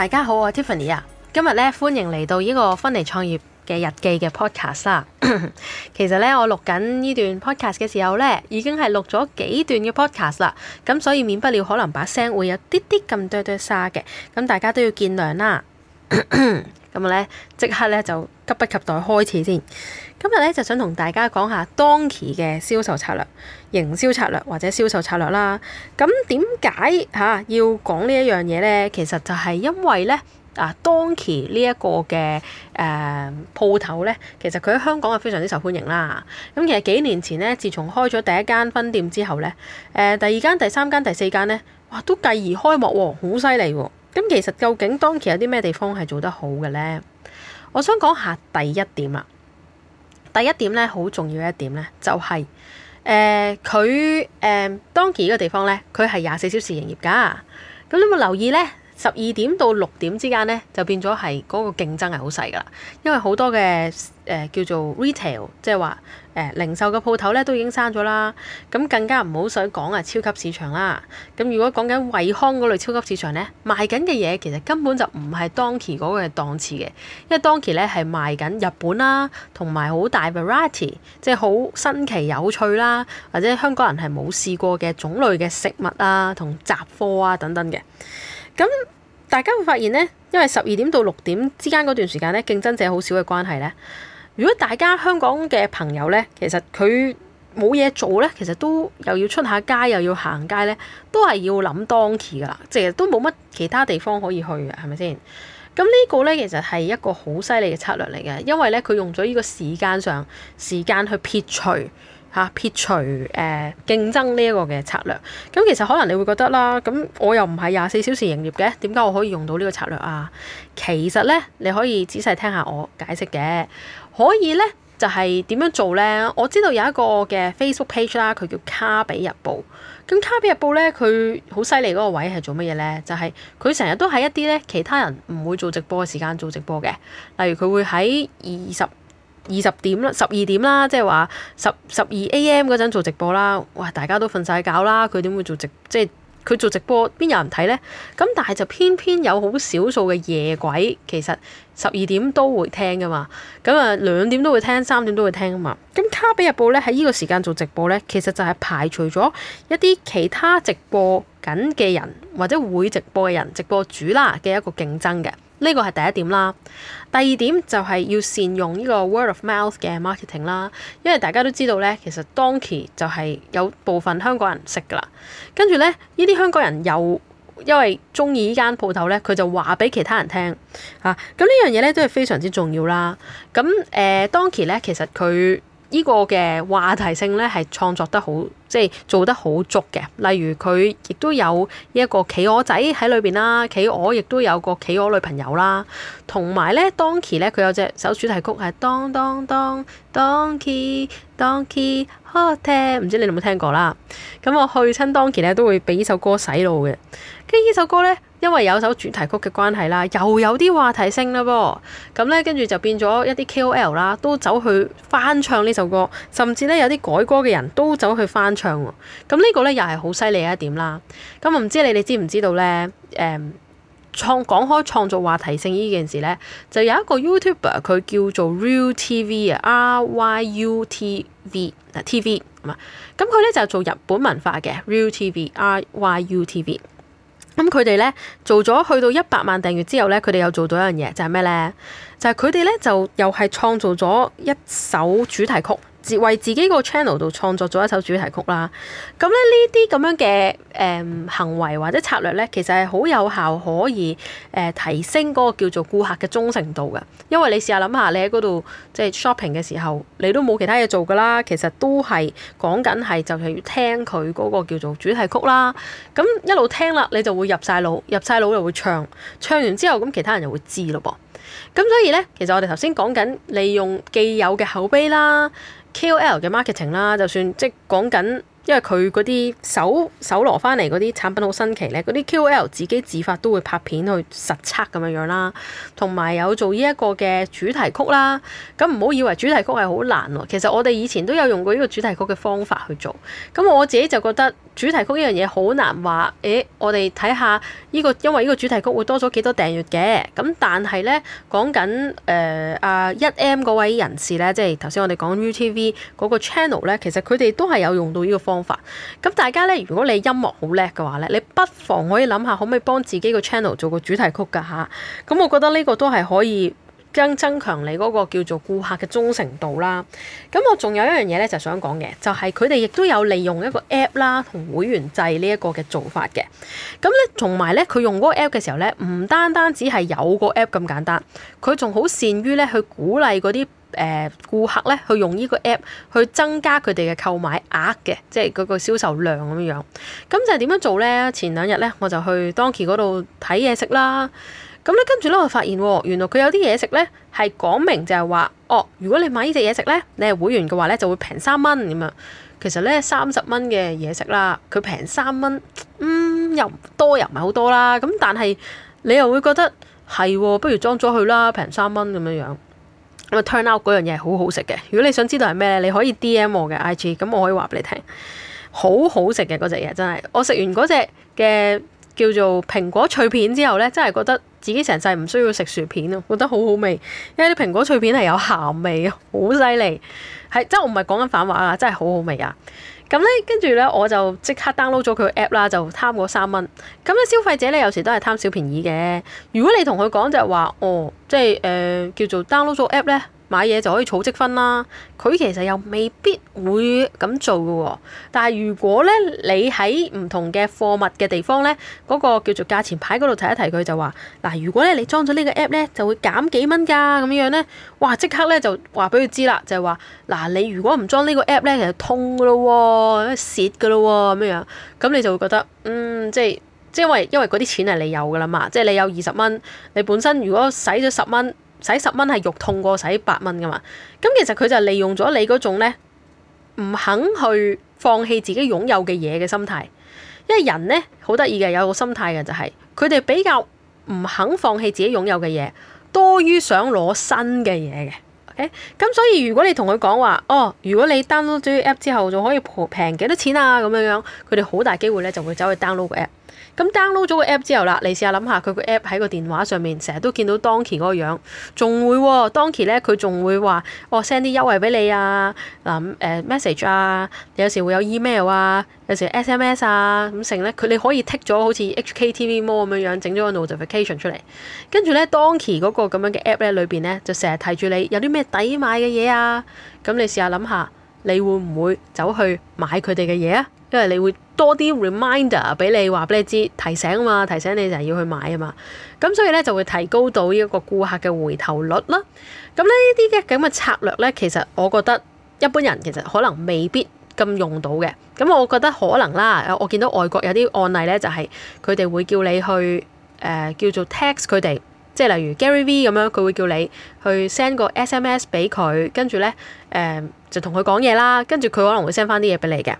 大家好，我係 Tiffany 啊，今日咧，歡迎嚟到呢個芬妮創業嘅日記嘅 podcast 啊。 其實咧我錄緊呢段 podcast 嘅時候咧，已經係錄咗幾段嘅 podcast 啦，咁所以免不了可能把聲會有啲啲咁多哆沙嘅，咁大家都要見諒啦。咁我咧即刻咧就急不及待開始先。今日咧就想同大家講下 Donki 嘅銷售策略、營銷策略或者銷售策略啦。咁點解吓，要講呢一樣嘢咧？其實就係因為咧啊，Donki、呃、呢一個嘅誒鋪頭咧，其實佢喺香港係非常之受歡迎啦。咁其實幾年前咧，自從開咗第一間分店之後咧，誒第二間、第三間、第四間咧，哇都繼而開幕喎，好犀利喎。咁其實究竟 Donki 有啲咩地方係做得好嘅咧？我想講下第一點啊。第一點咧，好重要一點咧，就係誒佢誒 Donki 呢個地方咧，佢係廿四小時營業㗎。咁你有冇留意咧？十二點到六點之間咧，就變咗係嗰個競爭係好細噶啦，因為好多嘅誒、呃、叫做 retail，即係話誒零售嘅鋪頭咧都已經閂咗啦。咁更加唔好想講啊，超級市場啦。咁如果講緊惠康嗰類超級市場咧，賣緊嘅嘢其實根本就唔係 Donki 嗰個檔次嘅，因為 Donki 咧係賣緊日本啦，同埋好大 variety，即係好新奇有趣啦，或者香港人係冇試過嘅種類嘅食物啊，同雜貨啊等等嘅。咁大家會發現咧，因為十二點到六點之間嗰段時間咧，競爭者好少嘅關係咧。如果大家香港嘅朋友咧，其實佢冇嘢做咧，其實都又要出下街，又要行街咧，都係要諗當時㗎喇。即係都冇乜其他地方可以去嘅，係咪先？咁呢個咧，其實係一個好犀利嘅策略嚟嘅，因為咧佢用咗呢個時間上時間去撇除。嚇、啊、撇除誒、呃、競爭呢一個嘅策略，咁其實可能你會覺得啦，咁我又唔係廿四小時營業嘅，點解我可以用到呢個策略啊？其實咧，你可以仔細聽下我解釋嘅，可以咧就係、是、點樣做咧？我知道有一個嘅 Facebook page 啦，佢叫卡比日報。咁卡比日報咧，佢好犀利嗰個位係做乜嘢咧？就係佢成日都喺一啲咧其他人唔會做直播嘅時間做直播嘅，例如佢會喺二十。二十點啦，十二點啦，即係話十十二 AM 嗰陣做直播啦，哇！大家都瞓晒覺啦，佢點會做直？即係佢做直播邊有人睇呢？咁但係就偏偏有好少數嘅夜鬼，其實十二點都會聽㗎嘛，咁啊兩點都會聽，三點都會聽啊嘛。咁卡比日報咧喺呢個時間做直播咧，其實就係排除咗一啲其他直播緊嘅人或者會直播嘅人，直播主啦嘅一個競爭嘅。呢個係第一點啦，第二點就係要善用呢個 word of mouth 嘅 marketing 啦，因為大家都知道咧，其實 Donki 就係有部分香港人識噶啦，跟住咧，呢啲香港人又因為鍾意呢間鋪頭咧，佢就話俾其他人聽，啊，咁呢樣嘢咧都係非常之重要啦。咁誒，Donki 咧其實佢呢個嘅話題性咧，係創作得好，即係做得好足嘅。例如佢亦都有呢一個企鵝仔喺裏邊啦，企鵝亦都有個企鵝女朋友啦。同埋咧，Donki 咧，佢有隻首主題曲係 Don Don Don Donki Donki Hote 聽，唔知你有冇聽過啦。咁、嗯、我去親 Donki 咧，都會俾呢首歌洗腦嘅。跟住呢首歌咧。因為有首主題曲嘅關係啦，又有啲話題性啦噃，咁咧跟住就變咗一啲 KOL 啦，都走去翻唱呢首歌，甚至咧有啲改歌嘅人都走去翻唱喎。咁、這個、呢個咧又係好犀利一點啦。咁唔知你哋知唔知道咧？誒、嗯，創講開創作話題性呢件事咧，就有一個 YouTuber 佢叫做 Real TV 啊，R Y U T V 嗱 TV 咁啊，咁佢咧就是、做日本文化嘅 Real TV R Y U T V。咁佢哋咧做咗去到一百萬訂閱之後咧，佢哋又做到一樣嘢，就係咩咧？就係佢哋咧就又係創造咗一首主題曲。自為自己個 channel 度創作咗一首主題曲啦，咁咧呢啲咁樣嘅誒、嗯、行為或者策略咧，其實係好有效可以誒、呃、提升嗰個叫做顧客嘅忠誠度嘅。因為你試下諗下，你喺嗰度即係 shopping 嘅時候，你都冇其他嘢做㗎啦，其實都係講緊係就係要聽佢嗰個叫做主題曲啦。咁一路聽啦，你就會入晒腦，入晒腦又會唱，唱完之後咁其他人就會知咯噃。咁所以咧，其實我哋頭先講緊利用既有嘅口碑啦。KOL 嘅 marketing 啦，就算即係講緊，因為佢嗰啲搜搜羅翻嚟嗰啲產品好新奇咧，嗰啲 KOL 自己自發都會拍片去實測咁樣樣啦，同埋有做呢一個嘅主題曲啦。咁唔好以為主題曲係好難喎，其實我哋以前都有用過呢個主題曲嘅方法去做。咁我自己就覺得。主題曲呢樣嘢好難話，誒、欸，我哋睇下呢個，因為呢個主題曲會多咗幾多訂閱嘅，咁但係咧講緊誒、呃、啊一 M 嗰位人士咧，即係頭先我哋講 UTV 嗰個 channel 咧，其實佢哋都係有用到呢個方法。咁大家咧，如果你音樂好叻嘅話咧，你不妨可以諗下可唔可以幫自己個 channel 做個主題曲㗎嚇。咁我覺得呢個都係可以。增增強你嗰個叫做顧客嘅忠誠度啦。咁我仲有一樣嘢咧，就係想講嘅，就係佢哋亦都有利用一個 app 啦，同會員制呢一個嘅做法嘅。咁咧，同埋咧，佢用嗰個 app 嘅時候咧，唔單單只係有個 app 咁簡單，佢仲好善於咧去鼓勵嗰啲誒顧客咧去用呢個 app 去增加佢哋嘅購買額嘅，即係嗰個銷售量咁樣樣。咁就係點樣做咧？前兩日咧，我就去 Donki 嗰度睇嘢食啦。咁咧，跟住咧，我發現喎、哦，原來佢有啲嘢食咧，係講明就係、是、話，哦，如果你買呢隻嘢食咧，你係會員嘅話咧，就會平三蚊咁樣。其實咧，三十蚊嘅嘢食啦，佢平三蚊，嗯，又多又唔係好多啦。咁但係你又會覺得係、哦，不如裝咗去啦，平三蚊咁樣樣。咁、嗯、啊，turn out 嗰樣嘢好好食嘅。如果你想知道係咩咧，你可以 DM 我嘅 IG，咁我可以話俾你聽，好好食嘅嗰隻嘢真係。我食完嗰隻嘅叫做蘋果脆片之後咧，真係覺得，自己成世唔需要食薯片啊，覺得好好味，因為啲蘋果脆片係有鹹味啊，好犀利，係即係我唔係講緊反話啊，真係好好味啊！咁咧，跟住咧，我就即刻 download 咗佢 app 啦，就貪嗰三蚊。咁咧，消費者咧，有時都係貪小便宜嘅。如果你同佢講，就係話，哦，即係誒、呃、叫做 download 咗 app 咧。買嘢就可以儲積分啦，佢其實又未必會咁做嘅喎、啊。但係如果咧，你喺唔同嘅貨物嘅地方咧，嗰、嗰個叫做價錢牌嗰度提一提佢就話，嗱，如果咧你裝咗呢個 app 咧，就會減幾蚊㗎咁樣咧，哇！即刻咧就話俾佢知啦，就係話，嗱、就係啊，你如果唔裝呢個 app 咧，其實通㗎咯喎，蝕㗎咯喎咁樣，咁你就會覺得，嗯，即係即係因為因為嗰啲錢係你有㗎啦嘛，即係你有二十蚊，你本身如果使咗十蚊。使十蚊係肉痛過使八蚊噶嘛？咁其實佢就利用咗你嗰種咧，唔肯去放棄自己擁有嘅嘢嘅心態。因為人咧好得意嘅，有個心態嘅就係，佢哋比較唔肯放棄自己擁有嘅嘢，多於想攞新嘅嘢嘅。OK，咁所以如果你同佢講話，哦，如果你 download 咗啲 app 之後，仲可以平幾多錢啊？咁樣樣，佢哋好大機會咧就會走去 download 個 app。咁 download 咗個 app 之後啦，你試下諗下佢個 app 喺個電話上面成日都見到 Donki 嗰個樣，仲會喎 Donki 咧佢仲會話，我 send 啲優惠俾你啊，嗱誒 message 啊，有時會有 email 啊，有時 sms 啊咁成咧，佢你可以剔咗好似 HKTV Mall 咁樣樣整咗個 notification 出嚟，跟住咧 Donki 嗰個咁樣嘅 app 咧裏邊咧就成日提住你有啲咩抵買嘅嘢啊，咁你試下諗下，你會唔會走去買佢哋嘅嘢啊？因為你會多啲 reminder 俾你，話俾你知提醒啊嘛，提醒你就係要去買啊嘛。咁所以咧就會提高到一個顧客嘅回頭率啦。咁呢啲嘅咁嘅策略咧，其實我覺得一般人其實可能未必咁用到嘅。咁我覺得可能啦。我見到外國有啲案例咧，就係佢哋會叫你去誒、呃、叫做 text 佢哋，即係例如 Gary V 咁樣，佢會叫你去 send 個 SMS 俾佢，呢呃、跟住咧誒就同佢講嘢啦。跟住佢可能會 send 返啲嘢俾你嘅。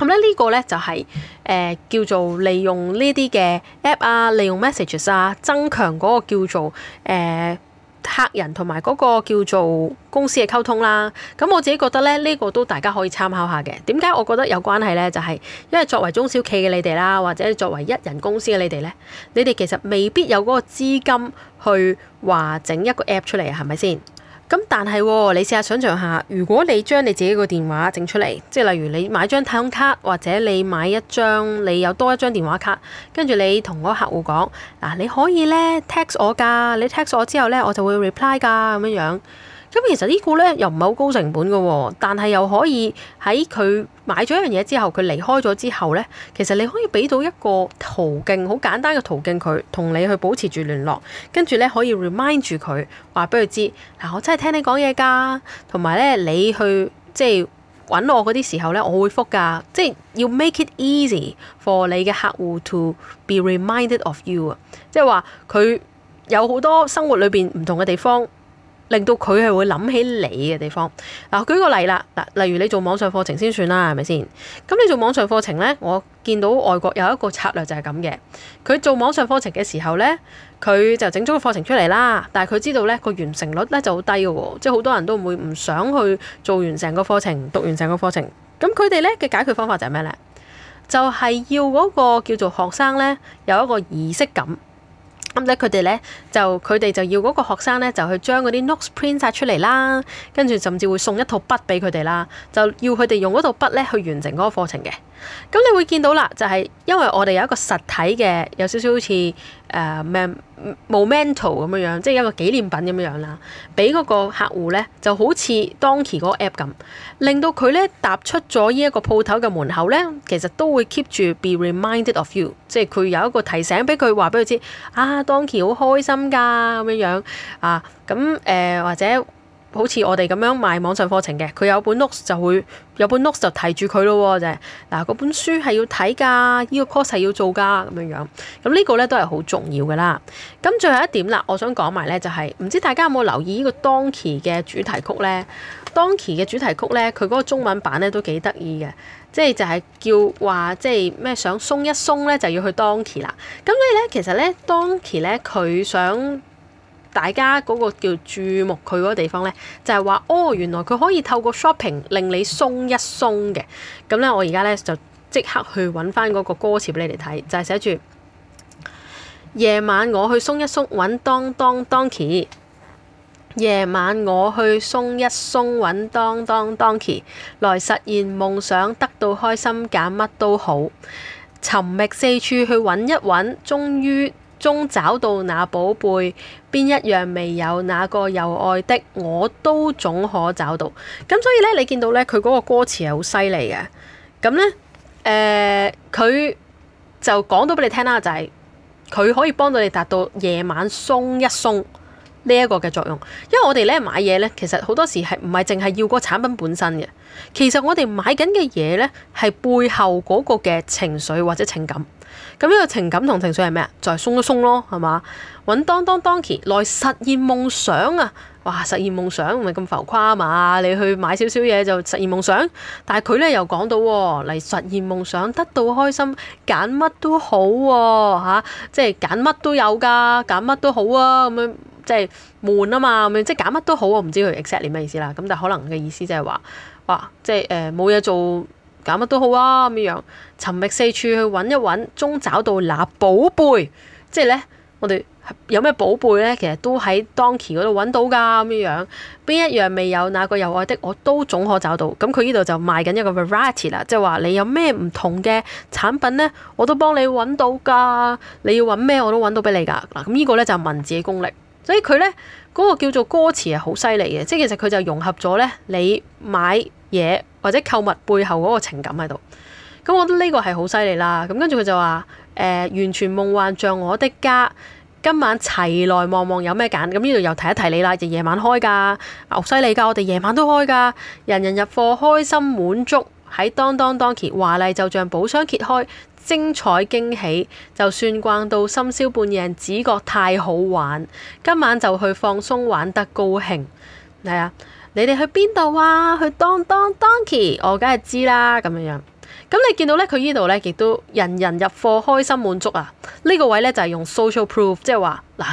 咁咧呢個咧就係、係、誒、呃、叫做利用呢啲嘅 app 啊，利用 messages 啊，增強嗰個叫做誒、呃、客人同埋嗰個叫做公司嘅溝通啦。咁、嗯、我自己覺得咧，呢、呢個都大家可以參考下嘅。點解我覺得有關係咧？就係、係、因為作為中小企嘅你哋啦，或者作為一人公司嘅你哋咧，你哋其實未必有嗰個資金去話整一個 app 出嚟，係咪先？咁但係喎，你試下想像下，如果你將你自己個電話整出嚟，即係例如你買張太空卡，或者你買一張你有多一張電話卡，跟住你同嗰個客戶講，嗱，你可以咧 text 我㗎，你 text 我之後咧，我就會 reply 㗎，咁樣樣。咁其實個呢個咧又唔係好高成本嘅、喎，但係又可以喺佢買咗一樣嘢之後，佢離開咗之後咧，其實你可以俾到一個途徑，好簡單嘅途徑，佢同你去保持住聯絡，跟住咧可以 remind 住佢話俾佢知嗱，我真係聽你講嘢㗎，同埋咧你去即係揾我嗰啲時候咧，我會覆㗎，即係要 make it easy for 你嘅客戶 to be reminded of you 啊，即係話佢有好多生活裏邊唔同嘅地方。令到佢係會諗起你嘅地方。嗱，舉個例啦，嗱，例如你做網上課程先算啦，係咪先？咁你做網上課程呢，我見到外國有一個策略就係咁嘅。佢做網上課程嘅時候呢，佢就整咗個課程出嚟啦。但係佢知道呢個完成率呢就好低嘅喎，即係好多人都唔會唔想去做完成個課程、讀完成個課程。咁佢哋呢嘅解決方法就係咩呢？就係要嗰個叫做學生呢，有一個儀式感。咁咧，佢哋咧就佢哋就要嗰個學生咧，就去將嗰啲 notes print 曬出嚟啦，跟住甚至會送一套筆俾佢哋啦，就要佢哋用嗰套筆咧去完成嗰個課程嘅。咁你會見到啦，就係、是、因為我哋有一個實體嘅，有少少好似誒、呃、咩 Momento 咁樣樣，即係一個紀念品咁樣樣啦，俾嗰個客戶咧就好似 Donki 嗰個 app 咁，令到佢咧踏出咗呢一個鋪頭嘅門口咧，其實都會 keep 住 be reminded of you，即係佢有一個提醒俾佢話俾佢知啊。Donki 好開心㗎咁樣樣啊，咁、呃、誒或者好似我哋咁樣賣網上課程嘅，佢有本 note 就會有本 note 就提住佢咯，啫嗱嗰本書係要睇㗎，呢、這個 course 係要做㗎咁樣樣，咁、啊這個、呢個咧都係好重要㗎啦。咁、啊、最後一點啦，我想講埋咧就係、是，唔知大家有冇留意呢個 Donki 嘅主題曲咧？Donkey 嘅主題曲咧，佢嗰個中文版咧都幾得意嘅，即係就係、是、叫話即係咩想鬆一鬆咧，就要去 Donki 啦。咁所以咧，其實咧 Donki 咧，佢想大家嗰個叫注目佢嗰個地方咧，就係、是、話哦，原來佢可以透過 shopping 令你鬆一鬆嘅。咁咧，我而家咧就即刻去揾翻嗰個歌詞俾你嚟睇，就係、是、寫住夜晚我去鬆一鬆，揾當當 Donki。」夜晚我去鬆一鬆，揾當當當期，來實現夢想，得到開心，揀乜都好。尋覓四處去揾一揾，終於終找到那寶貝。邊一樣未有那個又愛的，我都總可找到。咁所以呢，你見到呢，佢嗰個歌詞係好犀利嘅。咁呢，誒、呃，佢就講到俾你聽啦，就係、是、佢可以幫到你達到夜晚鬆一鬆。呢一個嘅作用，因為我哋咧買嘢咧，其實好多時係唔係淨係要個產品本身嘅，其實我哋買緊嘅嘢咧係背後嗰個嘅情緒或者情感。咁、嗯、呢、這個情感同情緒係咩啊？就係、是、鬆一鬆咯，係嘛？揾當當 Donki 嚟實現夢想啊！哇！實現夢想唔係咁浮誇吖嘛？你去買少少嘢就實現夢想，但係佢咧又講到嚟實現夢想得到開心，揀乜都好喎嚇，即係揀乜都有㗎，揀乜都好啊咁樣。啊即係悶啊嘛，咁樣即係揀乜都好，我唔知佢 exactly 你咩意思啦。咁但係可能嘅意思即係話，哇，即係誒冇嘢做，揀乜都好啊咁樣，尋覓四處去揾一揾，終找到那寶貝。即係咧，我哋有咩寶貝咧，其實都喺 Donki 嗰度揾到㗎咁樣樣。邊一樣未有，哪、那個有愛的我都總可找到。咁佢呢度就賣緊一個 variety 啦，即係話你有咩唔同嘅產品咧，我都幫你揾到㗎。你要揾咩我都揾到俾你㗎嗱。咁呢個咧就文字嘅功力。所以佢咧嗰個叫做歌詞係好犀利嘅，即係其實佢就融合咗咧你買嘢或者購物背後嗰個情感喺度。咁我覺得呢個係好犀利啦。咁跟住佢就話：誒、呃，完全夢幻像我的家，今晚齊來望望有咩揀。咁呢度又提一提你啦，就夜晚開㗎，牛犀利㗎，我哋夜晚都開㗎，人人入貨開心滿足喺當當當啅，華麗就像寶箱揭開。精彩驚喜，就算逛到深宵半夜，只覺太好玩。今晚就去放鬆，玩得高興。係啊，你哋去邊度啊？去當當 Donki，我梗係知啦。咁樣樣。咁你見到咧，佢依度咧亦都人人入貨，開心滿足啊！呢、這個位咧就係、是、用 social proof，即係話嗱，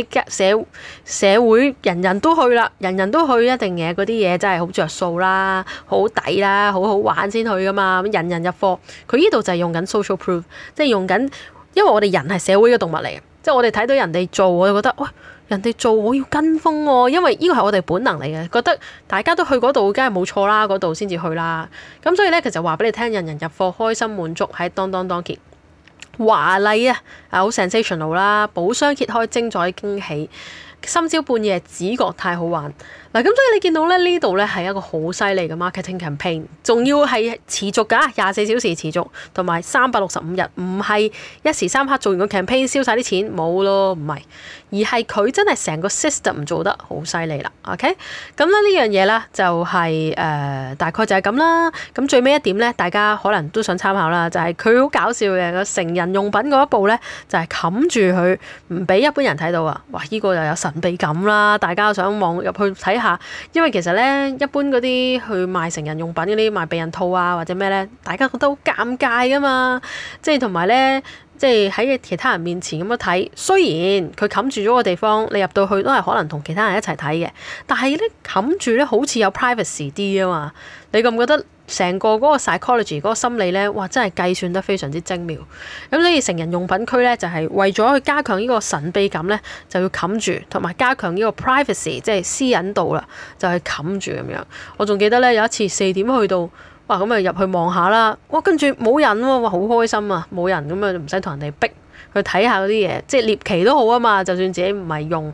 社家社社會人人都去啦，人人都去，人人都去一定嘢，嗰啲嘢真係好着數啦，好抵啦，好好玩先去噶嘛，咁人人入貨，佢依度就係用緊 social proof，即係用緊，因為我哋人係社會嘅動物嚟嘅。即係我哋睇到人哋做，我就覺得，喂，人哋做我要跟風喎、啊，因為呢個係我哋本能嚟嘅，覺得大家都去嗰度，梗係冇錯啦，嗰度先至去啦。咁所以咧，其實話俾你聽，人人入貨，開心滿足喺當當當結，華麗啊，啊好 sensational 啦，寶箱揭開精彩驚喜，深宵半夜只覺太好玩。嗱，咁所以你見到咧，呢度咧係一個好犀利嘅 marketing campaign，仲要係持續㗎，廿四小時持續同埋三百六十五日，唔係一時三刻做完個 campaign 燒晒啲錢冇咯，唔係，而係佢真係成個 system 唔做得好犀利啦，OK？咁、嗯、咧呢樣嘢咧就係、是、誒、呃、大概就係咁啦。咁、嗯、最尾一點咧，大家可能都想參考啦，就係佢好搞笑嘅個成人用品嗰一部咧，就係冚住佢，唔俾一般人睇到啊！哇，呢、這個又有神秘感啦，大家想望入去睇。吓，因為其實咧，一般嗰啲去賣成人用品嗰啲賣避孕套啊，或者咩咧，大家覺得好尷尬噶嘛，即係同埋咧，即係喺其他人面前咁樣睇，雖然佢冚住咗個地方，你入到去都係可能同其他人一齊睇嘅，但係咧冚住咧好似有 privacy 啲啊嘛，你覺唔覺得？成個嗰個 psychology 嗰個心理咧，哇！真係計算得非常之精妙。咁所以成人用品區咧，就係、是、為咗去加強呢個神秘感咧，就要冚住，同埋加強呢個 privacy，即係私隱度啦，就係、是、冚住咁樣。我仲記得咧，有一次四點去到，哇！咁啊入去望下啦，哇！跟住冇人喎、啊，哇！好開心啊，冇人咁啊，唔使同人哋逼。去睇下嗰啲嘢，即係獵奇都好啊嘛！就算自己唔係用，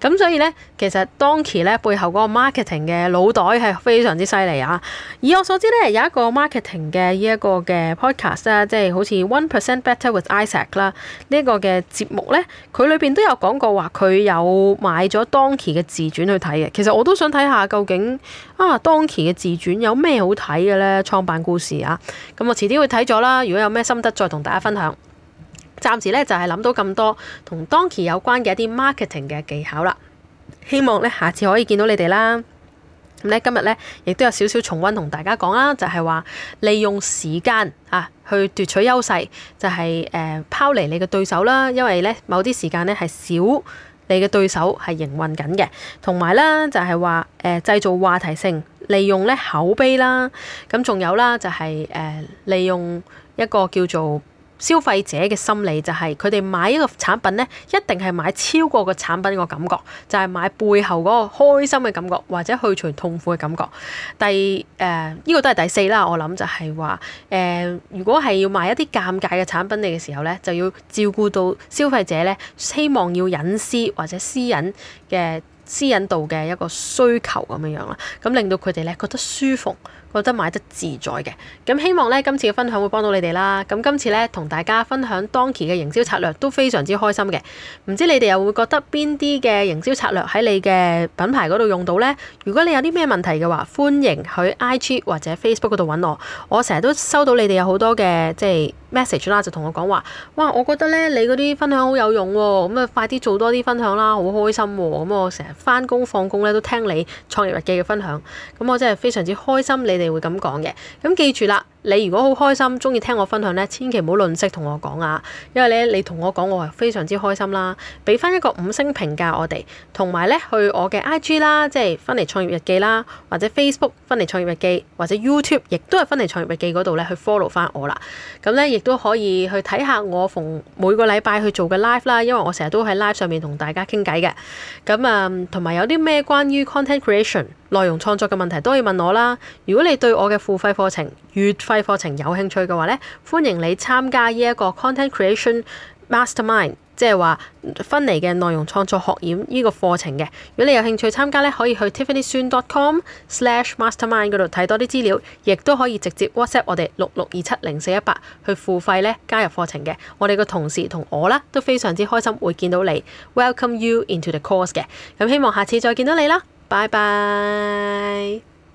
咁所以呢，其實 Donki 呢背後嗰個 marketing 嘅腦袋係非常之犀利啊！以我所知呢，有一個 marketing 嘅呢一個嘅 podcast 啦，即係好似 One Percent Better with Isaac 啦，呢個嘅節目呢，佢裏邊都有講過話佢有買咗 Donki 嘅自傳去睇嘅。其實我都想睇下究竟啊 Donki 嘅自傳有咩好睇嘅呢？創辦故事啊！咁我遲啲會睇咗啦。如果有咩心得，再同大家分享。暫時咧就係、是、諗到咁多同 Donki 有關嘅一啲 marketing 嘅技巧啦，希望咧下次可以見到你哋啦。咁咧今日咧亦都有少少重溫同大家講啦，就係、是、話利用時間啊去奪取優勢，就係、是、誒、呃、拋離你嘅對手啦，因為咧某啲時間咧係少你嘅對手係營運緊嘅，同埋咧就係話誒製造話題性，利用咧口碑啦，咁仲有啦就係、是、誒、呃、利用一個叫做。消費者嘅心理就係佢哋買一個產品咧，一定係買超過個產品個感覺，就係、是、買背後嗰個開心嘅感覺，或者去除痛苦嘅感覺。第誒依、呃這個都係第四啦，我諗就係話誒，如果係要賣一啲尷尬嘅產品嚟嘅時候咧，就要照顧到消費者咧，希望要隱私或者私隱嘅私隱度嘅一個需求咁樣樣啦，咁令到佢哋咧覺得舒服。覺得買得自在嘅，咁希望咧今次嘅分享會幫到你哋啦。咁今次咧同大家分享 Donki 嘅營銷策略都非常之開心嘅。唔知你哋又會覺得邊啲嘅營銷策略喺你嘅品牌嗰度用到呢？如果你有啲咩問題嘅話，歡迎去 IG 或者 Facebook 度揾我。我成日都收到你哋有好多嘅即係 message 啦，就同我講話，哇！我覺得咧你嗰啲分享好有用喎、哦，咁啊快啲做多啲分享啦，好開心、哦。咁我成日返工放工咧都聽你創業日記嘅分享，咁我真係非常之開心你，你哋會咁講嘅，咁記住啦。你如果好開心，中意聽我分享呢，千祈唔好吝嗇同我講啊！因為咧，你同我講，我係非常之開心啦。俾翻一個五星評價我哋，同埋咧去我嘅 IG 啦，即係分離創業日記啦，或者 Facebook 分離創業日記，或者 YouTube 亦都係分離創業日記嗰度咧去 follow 翻我啦。咁咧亦都可以去睇下我逢每個禮拜去做嘅 live 啦，因為我成日都喺 live 上面同大家傾偈嘅。咁啊，同埋有啲咩關於 content creation 內容創作嘅問題，都可以問我啦。如果你對我嘅付費課程越費課程有興趣嘅話咧，歡迎你參加呢一個 Content Creation Mastermind，即係話分離嘅內容創作學院呢個課程嘅。如果你有興趣參加咧，可以去 TiffanySun.com/slashmastermind 嗰度睇多啲資料，亦都可以直接 WhatsApp 我哋六六二七零四一八去付費咧加入課程嘅。我哋個同事同我啦都非常之開心會見到你，Welcome you into the course 嘅。咁希望下次再見到你啦，拜拜。